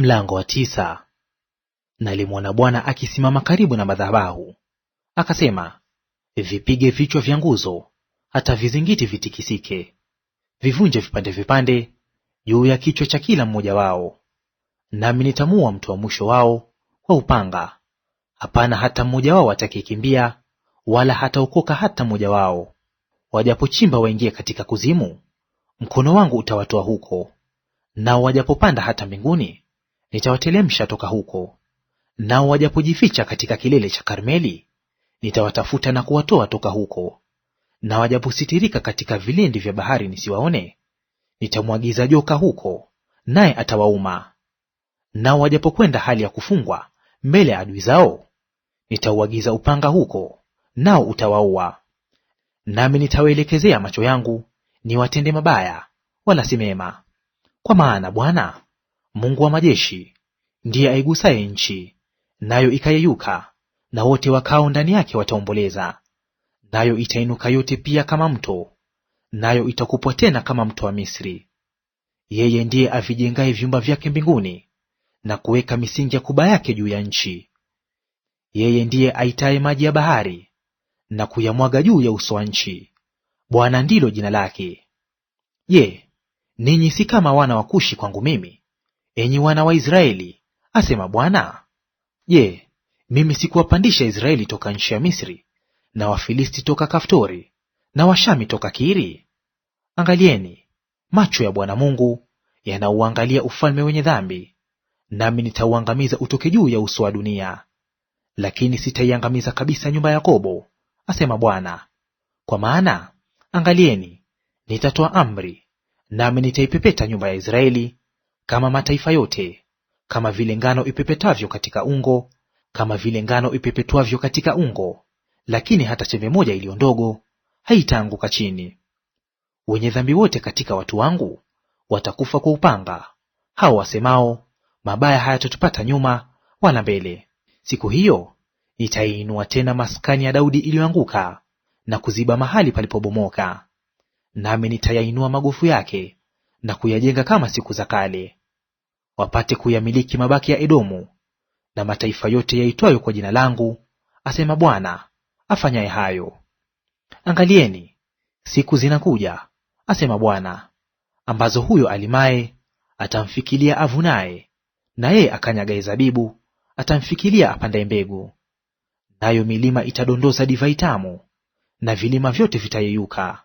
Mlango wa tisa. Nalimwona Bwana akisimama karibu na madhabahu, akasema, vipige vichwa vya nguzo, hata vizingiti vitikisike; vivunje vipande vipande juu ya kichwa cha kila mmoja wao. Nami nitamua mtu wa mwisho wao kwa upanga; hapana hata mmoja wao atakayekimbia, wala hataokoka hata mmoja wao. Wajapochimba waingie katika kuzimu, mkono wangu utawatoa huko; nao wajapopanda hata mbinguni nitawatelemsha toka huko. Nao wajapojificha katika kilele cha Karmeli, nitawatafuta na kuwatoa toka huko. Na wajapositirika katika vilindi vya bahari nisiwaone, nitamwagiza joka huko, naye atawauma. Nao wajapokwenda hali ya kufungwa mbele ya adui zao, nitauagiza upanga huko, nao utawaua. Nami nitawaelekezea macho yangu, niwatende mabaya, wala si mema. Kwa maana Bwana Mungu wa majeshi ndiye aigusaye nchi, nayo ikayeyuka, na wote wakao ndani yake wataomboleza. Nayo itainuka yote pia kama mto, nayo itakupwa tena kama mto wa Misri. Yeye ndiye avijengaye vyumba vyake mbinguni, na kuweka misingi ya kuba yake juu ya nchi. Yeye ndiye aitaye maji ya bahari, na kuyamwaga juu ya uso wa nchi. Bwana ndilo jina lake. Je, ninyi si kama wana wa Kushi kwangu mimi, enyi wana wa Israeli, asema Bwana? Je, mimi sikuwapandisha Israeli toka nchi ya Misri, na Wafilisti toka Kaftori, na Washami toka Kiri? Angalieni, macho ya Bwana Mungu yanauangalia ufalme wenye dhambi, nami nitauangamiza utoke juu ya uso wa dunia, lakini sitaiangamiza kabisa nyumba ya Yakobo, asema Bwana. Kwa maana angalieni, nitatoa amri, nami nitaipepeta nyumba ya Israeli kama mataifa yote, kama vile ngano ipepetavyo katika ungo, kama vile ngano ipepetwavyo katika ungo, lakini hata chembe moja iliyo ndogo haitaanguka chini. Wenye dhambi wote katika watu wangu watakufa kwa upanga, hao wasemao, mabaya hayatotupata nyuma wala mbele. Siku hiyo nitaiinua tena maskani ya Daudi iliyoanguka na kuziba mahali palipobomoka, nami nitayainua magofu yake na kuyajenga kama siku za kale wapate kuyamiliki mabaki ya Edomu na mataifa yote yaitwayo kwa jina langu, asema Bwana afanyaye hayo. Angalieni, siku zinakuja, asema Bwana, ambazo huyo alimaye atamfikilia avunaye, na yeye akanyagaye zabibu atamfikilia apandaye mbegu. Nayo milima itadondoza divai tamu, na vilima vyote vitayeyuka.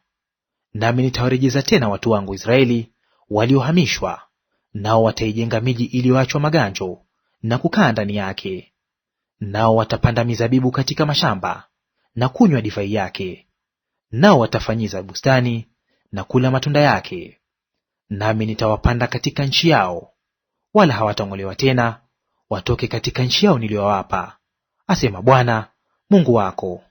Nami nitawarejeza tena watu wangu Israeli waliohamishwa Nao wataijenga miji iliyoachwa maganjo na kukaa ndani yake. Nao watapanda mizabibu katika mashamba na kunywa divai yake, nao watafanyiza bustani na kula matunda yake. Nami nitawapanda katika nchi yao, wala hawatang'olewa tena watoke katika nchi yao niliyowapa, asema Bwana Mungu wako.